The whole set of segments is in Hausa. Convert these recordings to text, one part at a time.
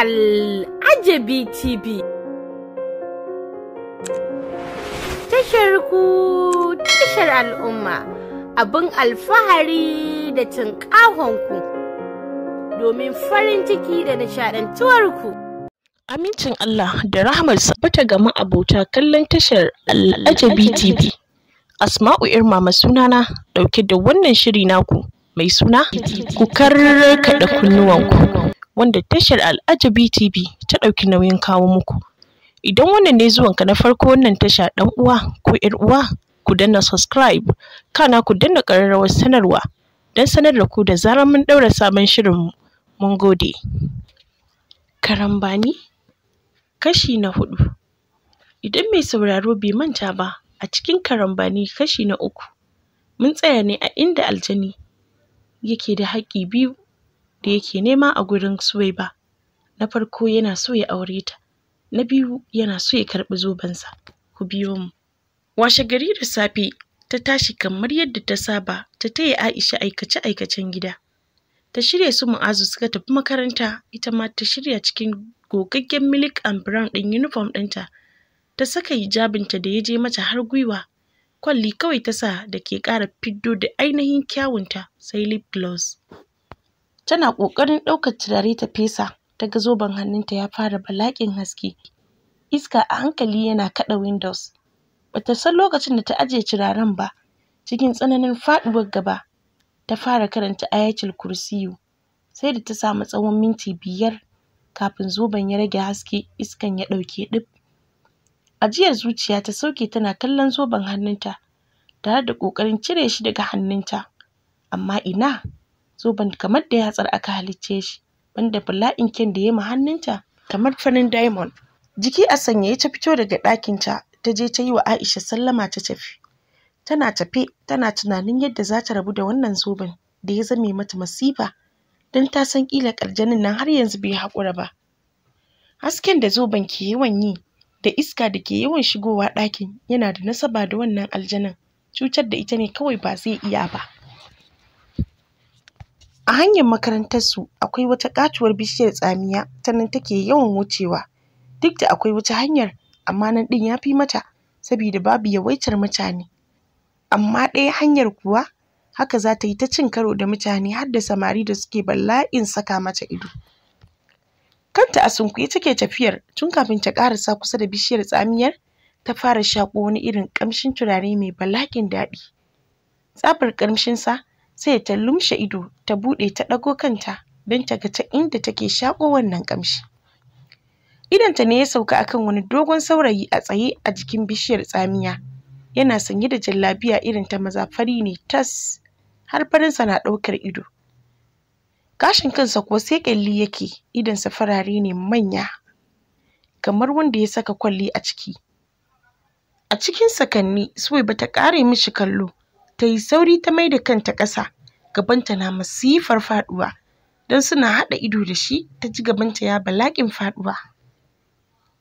Al'ajabi TV. Tashar ku tashar al'umma abin alfahari da ku domin farin ciki da nishaɗantuwarku. Amincin Allah da rahmarsa bata gama abota kallon tashar Al'ajabi TV. Asma'u Irma sunana dauke da wannan shiri naku mai suna ku karkaɗa kunnuwanku. wanda tashar Al'ajabi TV ta ɗauki nauyin kawo muku. Idan wannan ne zuwanka na farko wannan tasha ɗan uwa ko ‘yar uwa ku danna subscribe kana ku danna ƙararrawar sanarwa don sanar da ku da zarar mun ɗaura sabon shirin mun gode. Karambani kashi na hudu. Idan mai sauraro bai manta ba a cikin karambani kashi na uku mun tsaya ne a inda aljani yake da haƙƙi biyu da yake nema a gurin Suwaiba. Na farko yana so ya aure ta, na biyu yana so ya karɓi zobensa. Ku biyo mu. Washe gari da safe ta tashi kamar yadda ta saba ta taya Aisha aikace-aikacen gida. Ta shirya su Mu'azu suka tafi makaranta ita ma ta shirya cikin gogaggen milk and brown ɗin uniform ɗinta. Ta saka hijabinta da ya je mata har gwiwa kwalli kawai ta sa da ke ƙara fiddo da ainihin kyawunta sai lip gloss. tana ƙoƙarin ɗaukar turare ta fesa ta ga zoben hannunta ya fara balaƙin haske iska a hankali yana kaɗa windows bata san lokacin da ta ajiye turaren ba cikin tsananin faɗuwar gaba ta fara karanta ayatul kursiyu sai da ta samu tsawon minti biyar kafin zoben ya rage haske iskan ya ɗauke ɗib ajiyar zuciya ta sauke tana kallon zoben hannunta tare da ƙoƙarin cire shi daga hannunta amma ina zoben kamar da yatsar aka halicce shi banda bala'in kyan da yayi ma hannunta kamar farin diamond jiki a ya ta fito daga ɗakinta ta je ta yi wa Aisha sallama ta tafi tana tafe tana tunanin yadda za ta rabu da wannan zoben da ya zame mata masifa don ta san ƙila ƙarjanin nan har yanzu bai haƙura ba hasken da zoben ke yawan yi da iska da ke yawan shigowa ɗakin yana da nasaba da wannan aljanan cutar da ita ne kawai ba zai iya ba a hanyar makarantarsu akwai wata katuwar bishiyar tsamiya sannan take yawan wucewa duk da akwai wata hanyar amma nan ɗin ya fi mata sabida babu yawaitar mutane amma ɗaya hanyar kuwa haka za ta yi ta cin karo da mutane har da samari da suke bala'in saka mata ido kanta a sunkuye take tafiyar tun kafin ta ƙarasa kusa da bishiyar tsamiyar ta fara shaƙo wani irin ƙamshin turare mai bala'in daɗi tsabar ƙamshinsa sai ta lumshe ido ta buɗe ta ɗago kanta don ta ga ta inda take shaƙo wannan ƙamshi idonta ne ya sauka akan wani dogon saurayi a tsaye a jikin bishiyar tsamiya yana sanye da jallabiya irin ta maza fari ne tas har farinsa na ɗaukar ido gashin kansa kuwa sai ƙyalli yake idonsa farare ne manya kamar wanda ya saka kwalli a ciki a cikin sakanni Suwaiba bata ƙare mishi kallo ta yi sauri ta mai da kanta ƙasa gabanta na masifar faɗuwa don suna haɗa ido da shi ta ji gabanta ya balaƙin faɗuwa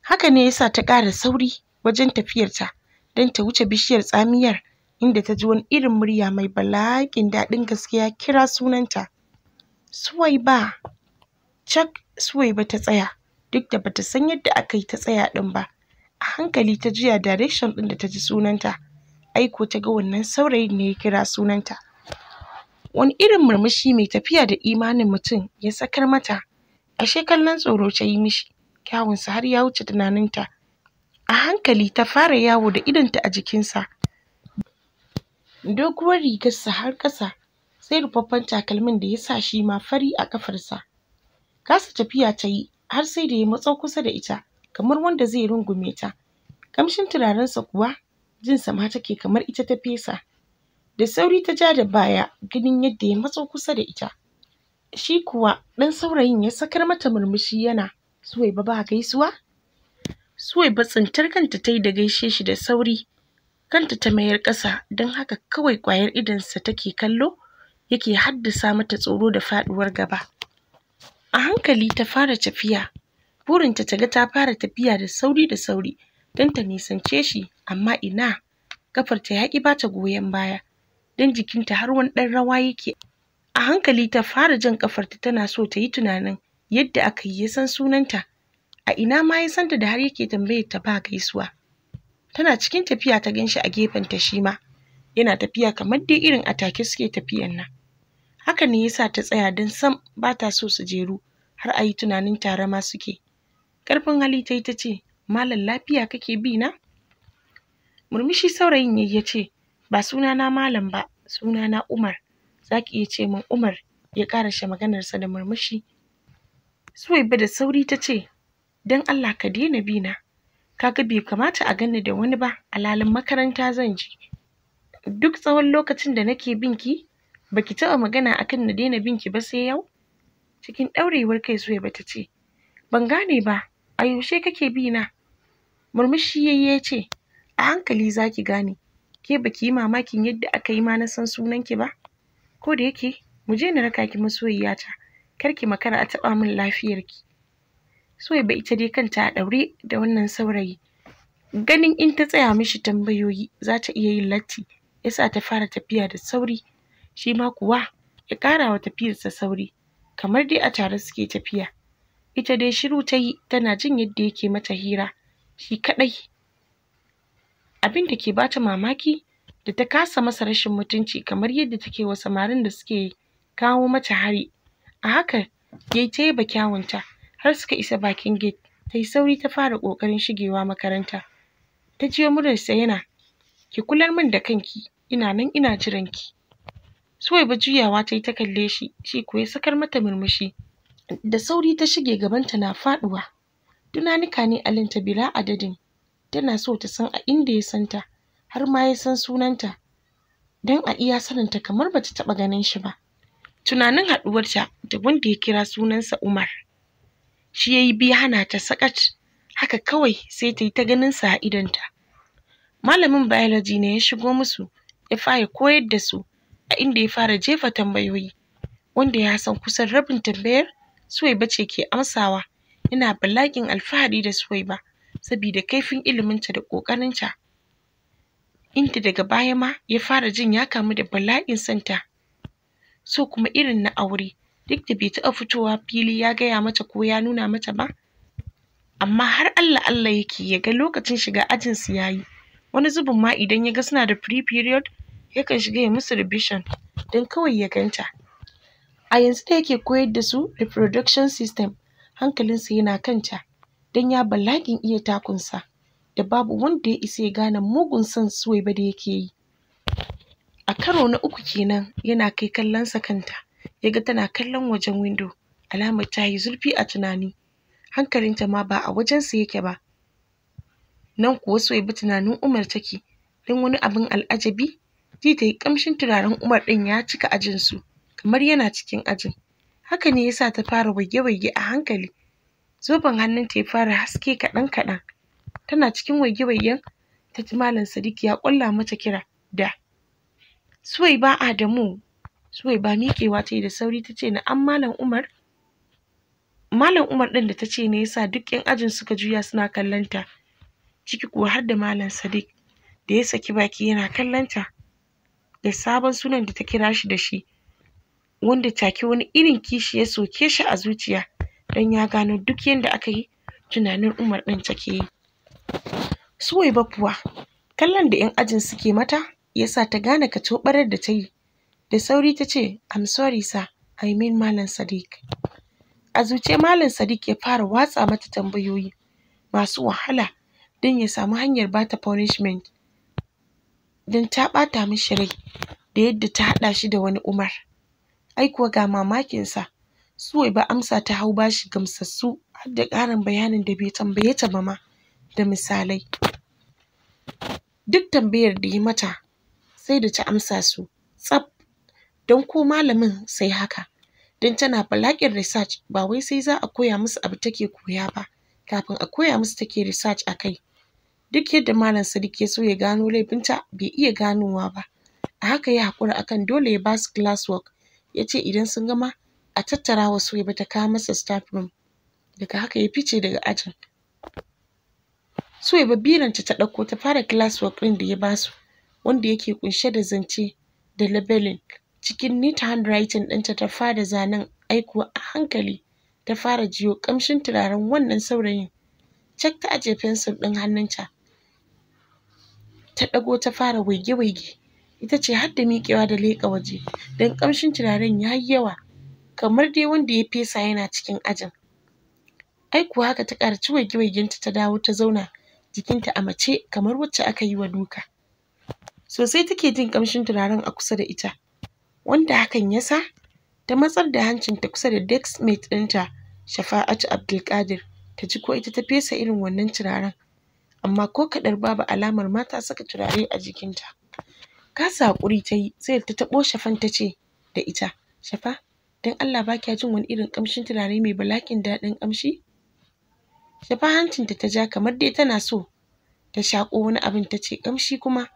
haka ne yasa ta ƙara sauri wajen tafiyarta don ta wuce bishiyar tsamiyar inda ta ji wani irin murya mai balaƙin daɗin gaskiya kira sunanta Suwaiba cak Suwaiba ta tsaya duk da bata san yadda aka yi ta tsaya ɗin ba a hankali ta juya direction ɗin da ta ji sunanta aiko ta ga wannan saurayin ne ya kira sunanta wani irin murmushi mai tafiya da imanin mutum ya sakar mata ashe kallon tsoro ta yi mishi kyawunsa har ya wuce tunaninta a hankali ta fara yawo da idonta a jikinsa doguwar rigarsa har ƙasa sai rufaffen takalmin da ya sa shi ma fari a ƙafarsa kasa tafiya ta yi har sai da ya matso kusa da ita kamar wanda zai rungume ta kamshin turarensa kuwa jinsa ma take kamar ita ta fesa da sauri ta ja da baya ganin yadda ya matso kusa da ita shi kuwa ɗan saurayin ya sakar mata murmushi yana Suwaiba ba gaisuwa Suwaiba tsintar kanta ta yi da gaishe shi da sauri kanta ta mayar ƙasa don haka kawai ƙwayar idonsa take kallo yake haddasa mata tsoro da faɗuwar gaba a hankali ta fara tafiya burinta ta ga ta fara tafiya da sauri da sauri don ta nisance shi amma ina ƙafarta ya ƙi bata goyon baya don jikinta har wani ɗan rawa yake a hankali ta fara jan ƙafarta tana so ta yi tunanin yadda aka yi ya san sunanta a ina ma ya santa da har yake tambayar ta ba gaisuwa tana cikin tafiya ta ganshi a ta shi ma yana tafiya kamar dai irin atake suke tafiyan nan haka ne yasa ta tsaya don sam ba ta so su jeru har a yi tunanin tare ma suke ƙarfin hali ta yi ta ce malam lafiya kake bi na Murmushi saurayin yayi ya ce, ba suna na Malam ba, suna na Umar. Za iya ce min Umar, ya shi maganarsa da murmushi. Suwaiba da sauri ta ce, don Allah ka daina bi na. Kaga bai kamata a ganni da wani ba, alhalin makaranta zan je. Duk tsawon lokacin da nake bin ki, baki taɓa magana akan na daina binki ba sai yau? Cikin ɗaurewar kai Suwaiba ta ce, ban gane ba, a yaushe kake bi na? Murmushi yayi ya ce, a hankali za ki gane ke ba ki yi mamakin yadda aka yi ma na san sunan ki ba ko da yake mu je na raka ki masoyiyata kar ki makara a taɓa min lafiyar ki ba ita dai kanta a ɗaure da wannan saurayi ganin in ta tsaya mishi tambayoyi za ta iya yin latti yasa ta fara tafiya da sauri shi ma kuwa ya ƙara wa tafiyarsa sauri kamar dai a tare suke tafiya ita dai shiru ta yi tana jin yadda yake mata hira shi kaɗai abin da ke bata mamaki da ta kasa masa rashin mutunci kamar yadda take wa samarin da suke kawo mata hari a haka yayi ta yaba kyawunta har suka isa bakin gate tayi sauri ta fara ƙoƙarin shigewa makaranta ta jiyo muryarsa yana ki kular min da kanki ina nan ina jiran ki Suwaiba juyawa tayi ta kalle shi shi kuwa sakar mata murmushi da sauri ta shige gabanta na faɗuwa tunanika ne alinta bila adadin tana so ta san a inda ya san ta har ma ya san sunanta don a iya saninta kamar bata taɓa ganin shi ba tunanin haɗuwarta da wanda ya kira sunansa Umar shi ya yi biya hana ta sakat haka kawai sai ta yi ta ganin sa a idonta malamin biology ne ya shigo musu ya fara koyar da su a inda ya fara jefa tambayoyi wanda ya san kusan rabin tambayar Suwaiba ce ke amsawa yana bala'in alfahari da ba saboda kaifin iliminta da ƙoƙarinta inda daga baya ma ya fara jin ya kamu da bala'in santa so kuma irin na aure duk da bai taɓa fitowa fili ya gaya mata ko ya nuna mata ba amma har Allah Allah yake ya ga lokacin shiga ajinsu ya yi, wani zubin ma idan ya ga suna da free period yakan shiga ya musu revision don kawai ya ganta a yanzu da yake koyar da su reproduction system hankalinsa yana kanta don ya balagin iya takunsa da babu wanda ya isa ya gane mugun son ba da yake yi. A karo na uku kenan yana kai kallonsa kanta, ya ga tana kallon wajen windo, alamar ta yi zurfi a tunani, hankalinta ma ba a wajensa yake ba. Nan kuwa Suwaiba tunanin Umar take, don wani abin al'ajabi, ji ta yi kamshin turaren Umar ɗin ya cika ajinsu, kamar yana cikin ajin. Haka ne yasa ta fara waige-waige a hankali, zoben hannunta ya fara haske kaɗan kaɗan tana cikin wage wagen ta ji malam sadiq ya ƙulla mata kira da Suwaiba Adamu Suwaiba miƙewa ta yi da sauri ta ce na an malam Umar Malam Umar ɗin da ta ce ne yasa duk 'yan ajin suka juya suna kallon ciki kuwa har da malam Sadik da ya saki baki yana kallon da sabon sunan da ta kira shi da shi wanda take wani irin kishi ya soke shi a zuciya dan ya gano duk yadda aka yi tunanin Umar ɗin take yi. Suwaiba kuwa kallon da 'yan ajin suke mata ya sa ta gane kacoɓarar da ta yi da sauri ta ce I'm sorry sir I mean Malam Sadiq. A zuce Malam Sadiq ya fara watsa mata tambayoyi masu wahala don ya samu hanyar bata punishment don ta ɓata mishi rai da yadda ta haɗa shi da wani Umar. Ai kuwa ga mamakinsa su Suwaiba amsa ta hau bashi gamsassu har da ƙarin bayanin da bai tambaye ta ba ma da misalai. Duk tambayar da ya mata sai da ta amsa su tsaf don ko malamin sai haka. Don tana balaƙin research ba wai sai za a koya musu abu take koya ba kafin a koya musu take research a kai. Duk yadda Malam Sadiq ya so ya gano laifinta bai iya ganowa ba. A haka ya haƙura akan dole ya basu class work ya ce idan sun gama a tattara wasu ya ta kawo masa staff room daga haka ya fice daga ajin Suwaiba biranta ta ɗauko ta fara classwork ɗin da ya basu wanda yake kunshe da zance da labeling cikin neat handwriting ɗinta ta fara zanen aiko a hankali ta fara jiyo ƙamshin turaren wannan saurayin cak ta aje pencil ɗin hannunta ta ɗago ta fara waige-waige ita ce har da miƙewa da leƙa waje don ƙamshin turaren ya yi yawa kamar dai wanda ya fesa yana cikin ajin ai kuwa haka ta ƙara ci waige ta dawo ta zauna jikinta a mace kamar wacce aka yi wa duka sosai take jin ƙamshin turaren a kusa da ita wanda hakan ya sa ta matsar da hancinta kusa da desk mate ɗinta shafa'atu abdulkadir ta ji ko ita ta fesa irin wannan turaren amma ko kaɗar babu alamar ma ta saka turare a jikinta kasa haƙuri ta yi sai ta taɓo shafan ta ce da ita shafa don Allah ba kya jin wani irin ƙamshin turare mai balakin daɗin ƙamshi shafa hancinta ta ja kamar dai tana so ta shaƙo wani abin ta ce ƙamshi kuma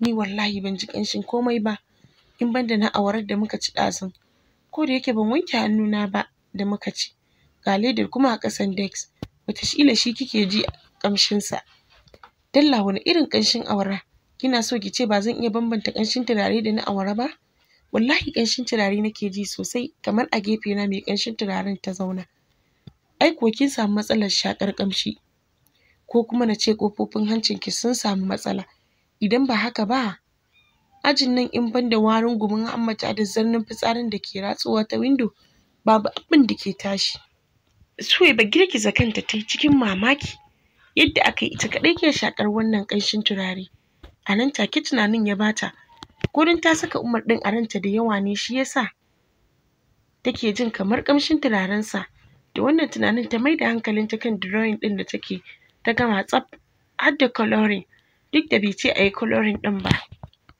ni wallahi ban ji ƙamshin komai ba in ban da na awarar da muka ci ɗazun ko da yake ban wanke hannuna ba da muka ci ga ledar kuma a ƙasan dex wataƙila shi kike ji ƙamshinsa dalla wani irin ƙamshin awara kina so ki ce ba zan iya bambanta ƙamshin turare da na awara ba wallahi ƙanshin turare nake ji sosai kamar a gefe na mai ƙanshin turaren ta zauna ai ko kin samu matsalar shakar ƙamshi ko kuma na ce ƙofofin ki sun samu matsala idan ba haka ba ajin nan in banda da warin gumin hammata da zarnin fitsarin da ke ratsuwa ta windo babu abin da ke tashi suwe ba girgiza kanta ta cikin mamaki yadda aka yi ita kaɗai ke shakar wannan ƙanshin turare a nan take tunanin ya bata ko ta saka Umar ɗin a ranta da yawa ne shi yasa take jin kamar ƙamshin turarensa da wannan tunanin ta maida hankalinta kan drawing ɗin da take ta gama tsaf har da coloring duk da bai ce a yi coloring ɗin ba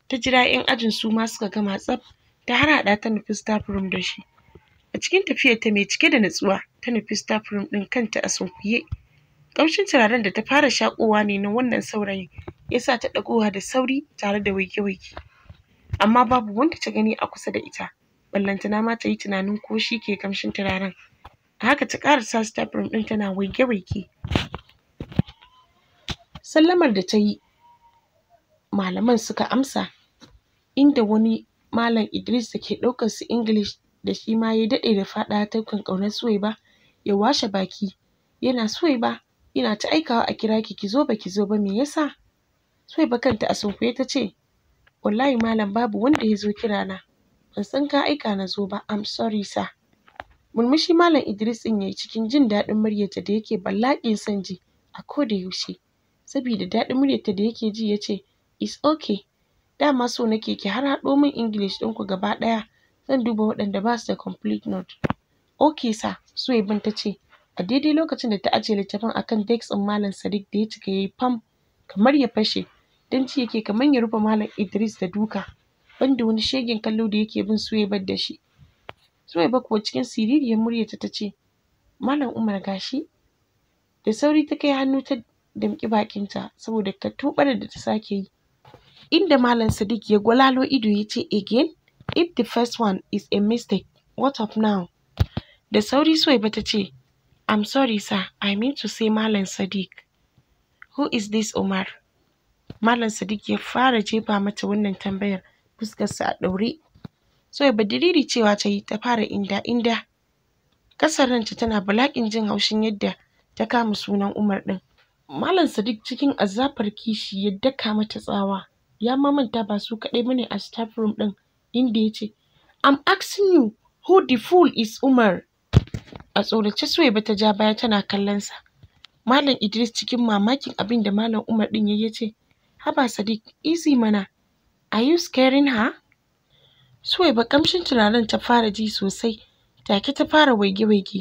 ta jira 'yan ajin su ma suka gama tsaf ta harhaɗa ta nufi staff room da shi a cikin tafiyarta mai cike da natsuwa ta nufi staff room ɗin kanta a sunkuye ƙamshin turaren da ta fara shaƙowa ne na wannan saurayin ya sa ta ɗagowa da sauri tare da waike-waike amma babu wanda ta gani a kusa da ita ballantana ma ta yi tunanin ko shi ke kamshin turaren a haka ta ƙara step room ɗin tana waige-waige sallamar da ta yi malaman suka amsa inda wani malam Idris da ke ɗaukar su English da shi ma ya daɗe da faɗa ta ƙaunar Suwaiba ya washe baki yana ba ina ta aikawa a kira ki ki zo ba ki zo ba me yasa Suwaiba kanta a sunkuye ta ce Wallahi malam babu wanda ya zo kira na. Ban san ka aika na zo ba. I'm sorry sir. Murmushi Malam Idris ɗin yi cikin jin daɗin muryarta da yake bala'in son ji a ko da yaushe. Sabida daɗin muryarta da yake ji ya ce it's okay. Dama so nake ki har haɗo min English ku gaba ɗaya. Zan duba waɗanda ba su da complete note. Okay sir, Suwaiban ta ce a daidai lokacin da ta ajiye littafin akan desk ɗin Malam Sadiq da ya cika yayi fam kamar ya fashe. don ci yake kamar ya rufe malam Idris da duka wanda wani shegen kallo da yake bin su ya bar da shi Suwaiba kuwa cikin siririyar muryarta ta ce Malam Umar gashi da sauri ta kai hannu ta damƙi bakinta saboda ta tuɓar da ta sake yi inda Malam Sadiq ya gwalalo ido ya ce again if the first one is a mistake what of now da sauri Suwaiba ta ce I'm sorry sir I mean to say Malam Sadiq who is this Umar Malam Sadiq ya fara jefa mata wannan tambayar fuskarsa a ɗaure. Soya Badiriri cewa ta yi ta fara inda inda. Kasar ranta tana bala'in jin haushin yadda ta kama sunan Umar ɗin. Malam Sadiq cikin azafar kishi ya daka mata tsawa. Ya mamanta ba su kaɗai bane a staff room ɗin inda yace, ce, I'm asking you who the fool is Umar. A tsorace Suwaiba ta ja baya tana kallon sa. Malam Idris cikin mamakin abinda Malam Umar ɗin ya ce, Haba Sadiq, easy mana. Are you scaring her? Suwaiba kamshin turaren ta fara ji sosai, take ta fara waige-waige.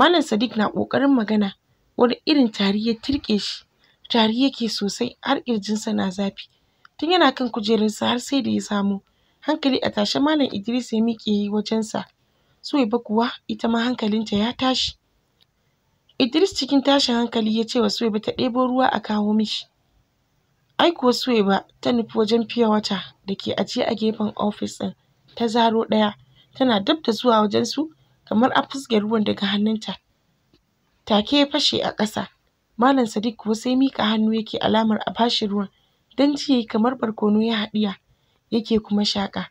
Malam Sadiq na ƙoƙarin magana, wani irin tari ya turƙe shi. Tari yake sosai har ƙirjinsa na zafi. Tun yana kan kujerarsa har sai da ya samo. Hankali a tashe Malam Idris ya miƙe yi wajensa. Suwaiba kuwa ita ma hankalinta ya tashi. Idris cikin tashin hankali ya ce wa Suwaiba ta ɗebo ruwa a kawo mishi. Ai kuwa Suwaiba ta nufi wajen wata da ke ajiye a gefen ofis ɗin, ta zaro ɗaya, tana dab da zuwa wajen su kamar an fizge ruwan daga hannunta, take ya fashe a ƙasa. Malam Sadiq kuwa sai miƙa hannu yake alamar a bashin ruwan, don ji yayi kamar barkono ya haɗiya, yake kuma shaƙa.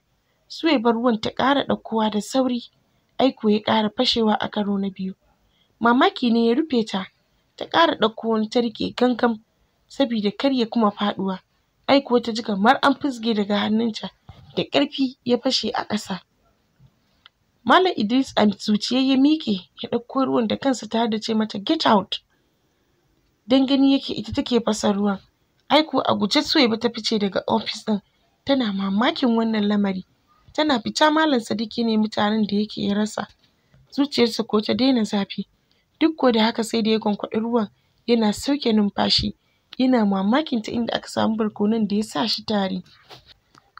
Suwaiba ruwan ta ƙara ɗaukowa da sauri, aiko ya ƙara fashewa a karo na biyu. Mamaki ne ya rufe ta, ta ƙara ɗauko wani ta riƙe gangam sabida kar ya kuma faɗuwa. Ai kuwa ta ji kamar an fizge daga hannunta da ƙarfi ya fashe a ƙasa. Malam Idris a zuciye ya miƙe ya ɗauko ruwan da kansa ta da ce mata get out. dan gani yake ita take fasa ruwan. Ai kuwa a guje Suwaiba ta fice daga ofis ɗin tana mamakin wannan lamari. Tana fita Malam Sadiki ne mutanen taron da yake ya rasa. Zuciyarsa ko ta daina zafi. Duk ko da haka sai da ya kwankwaɗi ruwan yana sauke numfashi yana mamakin ta inda aka samu barkonon da ya sa shi tari.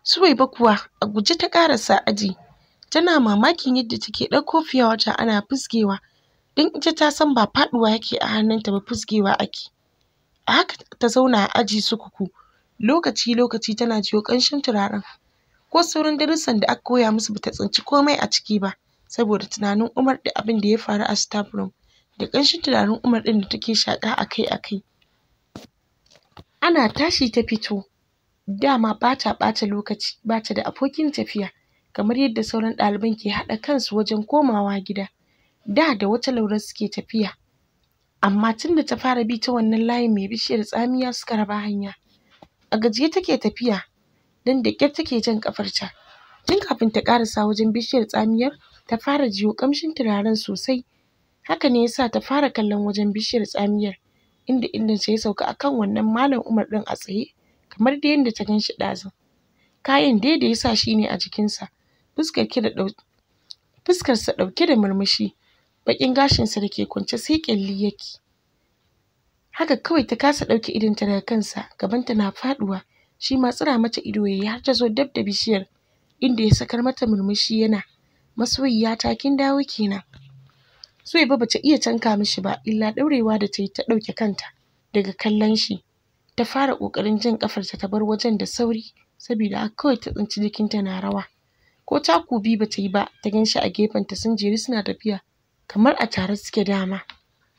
Suwaiba kuwa a guje ta karasa aji tana mamakin yadda take ɗauko fiyawata ana fusgewa don ita ta san ba faɗuwa yake a hannunta ba fusgewa ake. A haka ta zauna a aji sukuku lokaci-lokaci tana jiyo ƙanshin turaren. Ko sauran darussan da aka koya musu ba ta tsinci komai a ciki ba saboda tunanin Umar da abin da ya faru a staff room da ƙanshin turaren Umar ɗin da take shaƙa akai-akai. ana tashi ta fito dama bata ɓata lokaci bata da abokin tafiya kamar yadda sauran ɗaliban ke haɗa kansu wajen komawa gida da da wata Laure suke tafiya amma tunda ta fara bi ta wannan layin mai bishiyar tsamiya suka raba hanya a gajiye take tafiya don da ƙyar take jan ƙafarta tun kafin ta ƙarasa wajen bishiyar tsamiyar ta fara jiyo ƙamshin turaren sosai haka ne yasa ta fara kallon wajen bishiyar tsamiyar inda idonsa ya sauka akan wannan malam Umar ɗin a tsaye kamar dai yadda ta ganshi shi ɗazun. Kayan dai da ya sa shi ne a jikinsa fuskar da fuskarsa ɗauke da murmushi baƙin gashinsa da ke kwance sai ƙyalli yake. Haka kawai ta kasa ɗauke idonta daga kansa gabanta na faɗuwa shi ma tsira mata ido ya har ta zo dab da bishiyar inda ya sakar mata murmushi yana masoyiya ta kin dawo kenan. Zuwaiba bata iya canka mishi ba illa ɗaurewa da ta yi ta ɗauke kanta daga kallon shi ta fara ƙoƙarin jan ƙafarta ta bar wajen da sauri sabida haka kawai ta tsinci jikinta na rawa ko taku biyu bata yi ba ta ganshi a gefenta sun jeru suna tafiya kamar a tare suke dama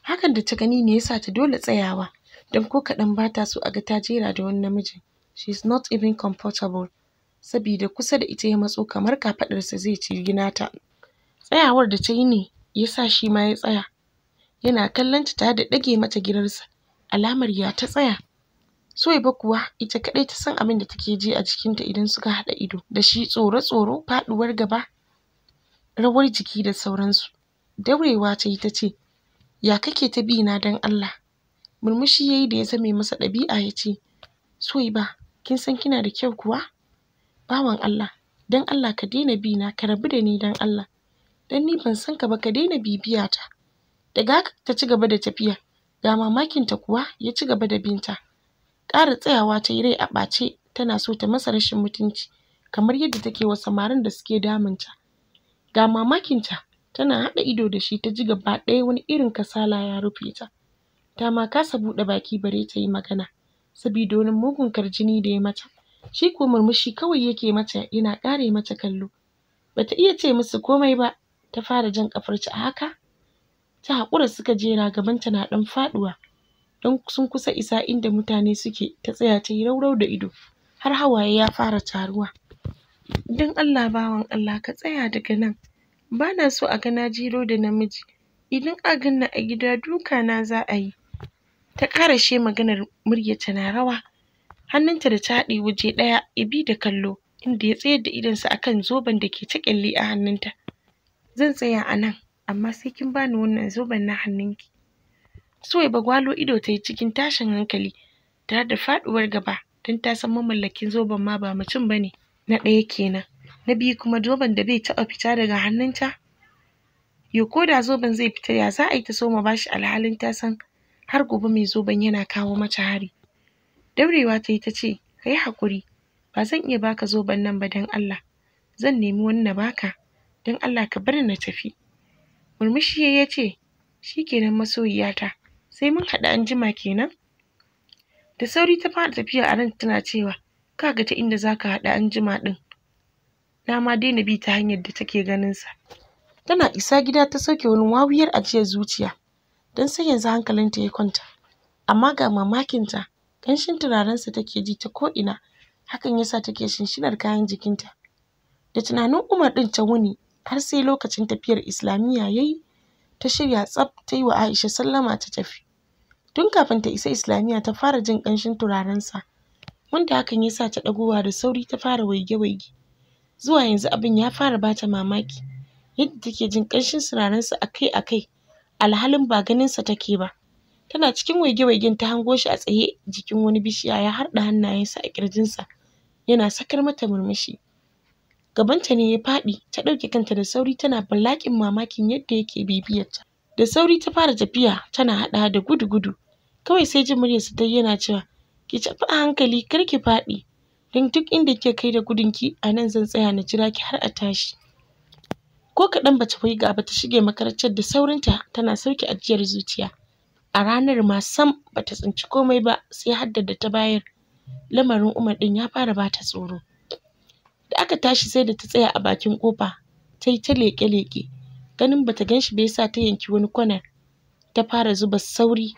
hakan da ta gani ne yasa ta dole tsayawa don ko kaɗan bata so a ga ta jera da wani namiji she is not even comfortable sabida kusa da ita ya matso kamar kafaɗarsa zai cigi nata tsayawar da ta yi ne ya sa shi ma ya tsaya yana kallonta ta da ɗage mata girarsa alamar ya ta tsaya Suwaiba kuwa ita kaɗai ta san abin da take ji a jikinta idan suka haɗa ido da shi tsoro-tsoro faɗuwar gaba rawar jiki da sauransu daurewa ta yi ta ce ya kake ta bi na dan Allah murmushi ya yi da ya zame masa ɗabi'a ya ce Suwaiba kin san kina da kyau kuwa bawan Allah don Allah ka daina bi na ka rabu da ni don Allah Don ni ban san ka ba ka daina bibiya ta daga haka ta ci gaba da tafiya ga mamakin ta kuwa ya ci gaba da binta ƙara tsayawa ta yi rai a ɓace tana so ta masa rashin mutunci kamar yadda take wa samarin da suke damunta ga mamakin ta tana haɗa ido da shi ta ji gaba ɗaya wani irin kasala ya rufe ta ta ma kasa buɗe baki bare ta yi magana sabida wani mugun karjini da ya mata shi ko murmushi kawai yake mata yana ƙare mata kallo bata iya ce musu komai ba ta fara jan ƙafarci a haka ta hakura suka jera gabanta na ɗan faɗuwa don sun kusa isa inda mutane suke ta tsaya ta yi raurau da ido har hawaye ya fara taruwa dan Allah bawan Allah ka tsaya daga nan ba na so a ga na jiro da namiji idan a ganna a gida duka na za a yi ta karashe maganar muryarta na rawa hannunta da ta haɗe waje ɗaya ya da kallo inda ya tsayar da idonsa akan zoben da ke ta kyalle a hannunta zan tsaya a nan amma sai kin bani wannan zoben na hannunki Suwaiba gwalo ido ta yi cikin tashin hankali tare da faduwar gaba don ta san mamallakin zoben ma ba mutum ba ne na ɗaya kenan na biyu kuma zoben da bai taɓa fita daga hannunta yo ko zoben zai fita ya za a yi ta soma ma bashi alhalin ta san har gobe mai zoben yana kawo mata hari daurewa ta yi ta ce ka yi haƙuri ba zan iya baka zoben nan ba don Allah zan nemi wani na baka don Allah ka bar na tafi murmushi ya ce shi kenan masoyiyata sai mun haɗu an jima kenan da sauri ta fara tafiya a ran tana cewa ka ga ta inda za ka haɗu an jima ɗin na ma daina bi ta hanyar da take ganin sa tana isa gida ta sauke wani wawiyar ajiyar zuciya don sai yanzu ta ya kwanta amma ga mamakinta ƙanshin turarensa take ji ta ko'ina hakan yasa take shinshinar kayan jikinta da tunanin umar ɗin ta wuni har sai lokacin tafiyar islamiyya ya yi ta shirya tsaf yi wa Aisha sallama ta tafi tun kafin ta isa islamiyya ta fara jin ƙanshin turarensa wanda hakan ya sa ta ɗagowa da sauri ta fara waige-waige zuwa yanzu abin ya fara bata mamaki yadda take jin ƙanshin turarensa akai-akai alhalin ba ganinsa take ba tana cikin waige-waigen ta hango shi a tsaye jikin wani bishiya ya harɗa hannayensa a ƙirjinsa yana sakar mata murmushi gabanta ne ya faɗi ta ɗauke kanta da sauri tana balaƙin mamakin yadda yake bibiyarta da sauri ta fara tafiya tana haɗa da gudu gudu kawai sai jin muryarsa dai yana cewa ki tafi a hankali kar ki faɗi don duk inda kike kai da gudunki a nan zan tsaya na jira ki har a tashi ko kaɗan bata ga ba ta shige makarantar da saurinta tana sauke ajiyar zuciya a ranar ma sam bata tsinci komai ba sai haddar da ta bayar lamarin Umar ɗin ya fara bata tsoro da aka tashi sai da ta tsaya a bakin kofa ta yi ta leƙe-leƙe ganin bata gan shi ba ya sa ta yanki wani kwanar ta fara zuba sauri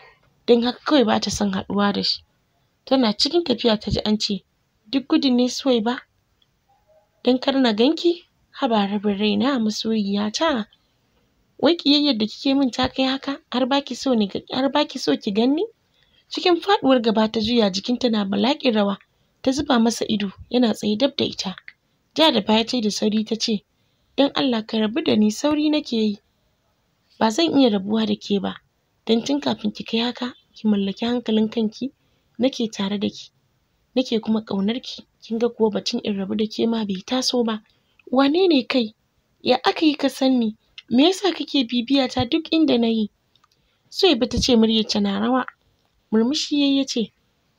don haka kawai ba ta son haɗuwa da shi tana cikin tafiya ta ji an ce duk gudun ne Suwaiba don kar na ganki haba rabin raina masoyiya ta wai ƙiyayyar da kike min ta kai haka har baki so ne har baki so ki ganni cikin faɗuwar gaba ta juya jikinta na balaƙin rawa ta zuba masa ido yana tsaye dab da ita Ja da baya ce da sauri ta ce, don Allah ka rabu da ni sauri nake yi. Ba zan iya rabuwa da ke ba, don tun kafin ki kai haka ki mallaki hankalin kanki nake tare da ki, nake kuma ƙaunar ki, kin ga kuwa batun in rabu da ke ma bai taso ba. Wane ne kai? Ya aka yi ka san ni? Me yasa kake bibiya ta duk inda na yi? Suwaiba ta ce muryarta na rawa. Murmushi yayi ya ce,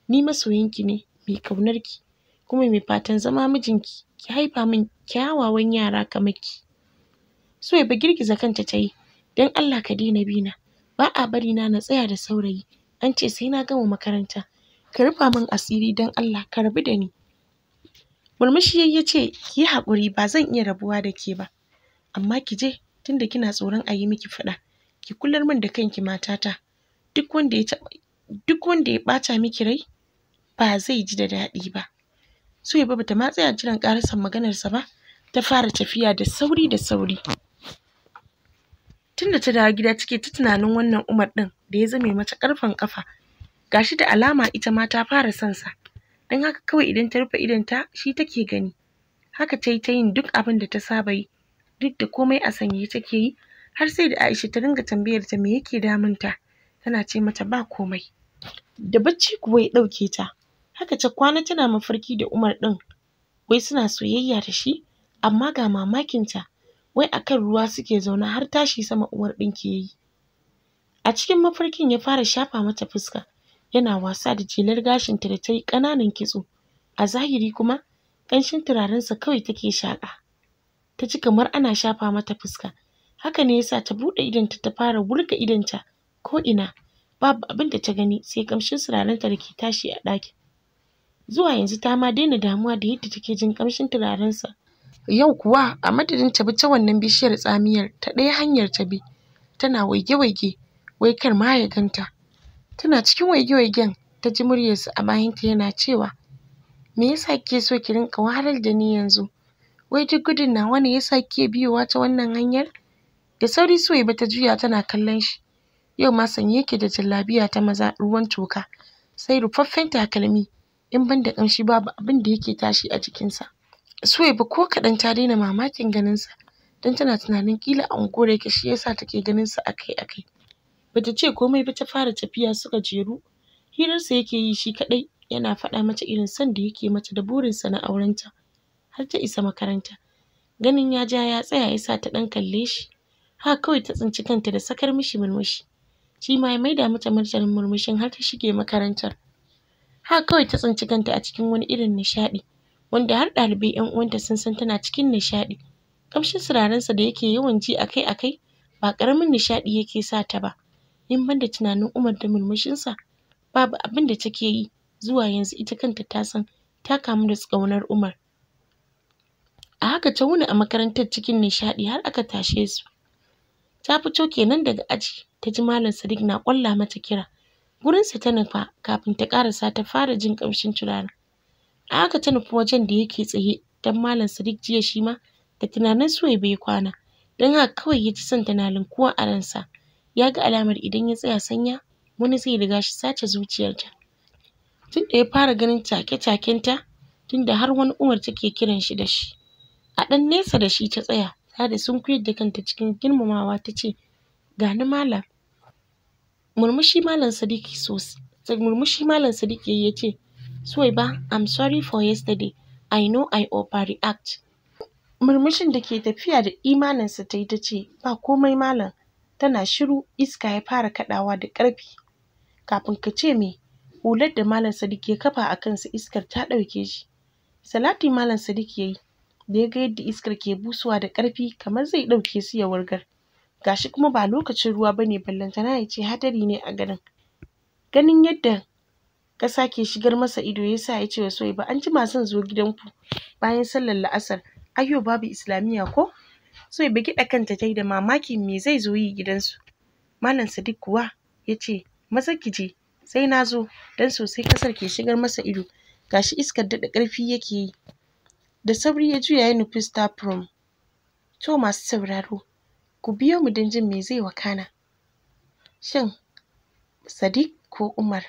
ni masoyinki ne, mai ƙaunar ki, kuma mai fatan zama mijinki. ki haifa min kyawawan yara kamar ki Suwaiba girgiza kanta ta yi don Allah ka daina na. ba a bari na na tsaya da saurayi an ce sai na gama makaranta ka rufa min asiri don Allah ka rabu da ni murmushi ya ce ki yi haƙuri ba zan iya rabuwa da ke ba amma ki je tunda kina tsoron a yi miki faɗa ki kular min da kanki matata duk duk wanda ya ɓata miki rai ba zai ji da daɗi ba Suwaiba bata ma tsaya jiran san maganarsa ba, ta fara tafiya da sauri da sauri. Tunda ta dawo gida take ta tunanin wannan Umar ɗin da ya zame mata ƙarfen kafa Gashi da alama ita ma ta fara son sa. Don haka kawai idan ta rufe ta shi take gani. Haka ta ta yin duk abin da ta saba yi, duk da komai a sanye take yi, har sai da Aisha ta ringa tambayar ta me yake damunta, tana ce mata ba komai. Da bacci kuwa ya dauke ta, Haka ta kwana tana mafarki da Umar ɗin wai suna soyayya da shi amma ga mamakinta wai akan ruwa suke zauna har tashi sama Umar ɗin ke yi. A cikin mafarkin ya fara shafa mata fuska yana wasa da jelar gashinta da ta yi ƙananan kitso a zahiri kuma ƙanshin turarensa kawai take shaƙa. Ta ji kamar ana shafa mata fuska haka ne yasa ta buɗe idonta ta fara wurga idonta ko ina babu abin da ta gani sai ƙamshin turarenta da ke tashi a ɗakin. zuwa yanzu ta ma daina damuwa da yadda take jin ƙamshin turarensa yau kuwa a madadin ta bi ta wannan bishiyar tsamiyar ta ɗaya hanyar ta bi tana waige-waige wai kar ma ya ganta tana cikin waige-waigen ta ji muryarsa a bayanta yana cewa me yasa kike so ki rinka wahalar da ni yanzu wai duk gudun nawa ne yasa kike biyowa ta wannan hanyar da sauri ba ta juya tana kallon shi yau ma sanye yake da jallabiya ta maza ruwan toka sai rufaffen takalmi in banda da ƙamshi babu abin da yake tashi a jikinsa. Suwaiba ko kadan ta daina mamakin ganinsa dan tana tunanin ƙila a unguwar yake shi yasa take ganin sa akai-akai. Bata ce komai ba ta fara tafiya suka jeru hirarsa yake yi shi kaɗai yana faɗa mata irin son da yake mata da burin sa na aurenta har ta isa makaranta. Ganin ya ja ya tsaya ya sa ta dan kalle shi ha kawai ta tsinci kanta da sakar mishi murmushi. Shi ma ya maida mata martanin murmushin har ta shige makarantar. haka kawai ta tsinci kanta a cikin wani irin nishaɗi wanda har ɗalibai 'yan uwanta sun san tana cikin nishaɗi ƙamshin sirarensa da yake yawan ji akai-akai ba ƙaramin nishaɗi yake sa ta ba in banda tunanin Umar da murmushinsa babu abin da take yi zuwa yanzu ita kanta ta san ta kamu da tsaunar Umar a haka ta wuni a makarantar cikin nishaɗi har aka tashe su ta fito kenan daga aji ta ji Malam Sadiq na ƙwalla mata kira Gurinsa ta nufa kafin ta ƙarasa ta fara jin kamshin turaren. A haka ta nufi wajen da yake tsaye don Malam Sadiq jiya shi ma da tunanin Suwaiba ya kwana. Don haka kawai ya ji son tana linkuwa a ransa. Ya ga alamar idan ya tsaya sanya wani zai riga shi sace zuciyarta. Tun da ya fara ganin take-takenta da har wani Umar take kiran shi da shi. A ɗan nesa da shi ta tsaya ta da sunkuyar da kanta cikin girmamawa ta ce ga Malam. Murmushi Malam Sadiq murmushi Malam Sadiq yayi ya ce, Suwaiba, I'm sorry for yesterday. I know I overreact. Murmushin da ke tafiya da imaninsa ta yi ta ce, Ba komai Malam, tana shiru iska ya fara kaɗawa da karfi Kafin ka ce me, hular da Malam Sadiq ya kafa a kansa iskar ta ɗauke shi. Salati Malam Sadiq ya yi, da ya ga yadda iskar ke busuwa da ƙarfi kamar zai ɗauke su ya wargar. gashi kuma ba lokacin ruwa bane ballantana ya ce hadari ne a garin ganin yadda ƙasa ke shigar masa ido yasa ya ce wa ba an jima zan zo gidanku bayan sallar la'asar ayyo babu islamiyya ko Suwaiba gida kanta ta da mamaki me zai zo yi gidansu Malam Sadiq kuwa ya ce maza ki je sai na zo don sosai ƙasar ke shigar masa ido gashi iskar daɗa ƙarfi yake yi da sauri ya juya ya nufi staff room to masu sauraro Ku biyo mu don jin me zai wakana. Shin Sadiq ko Umar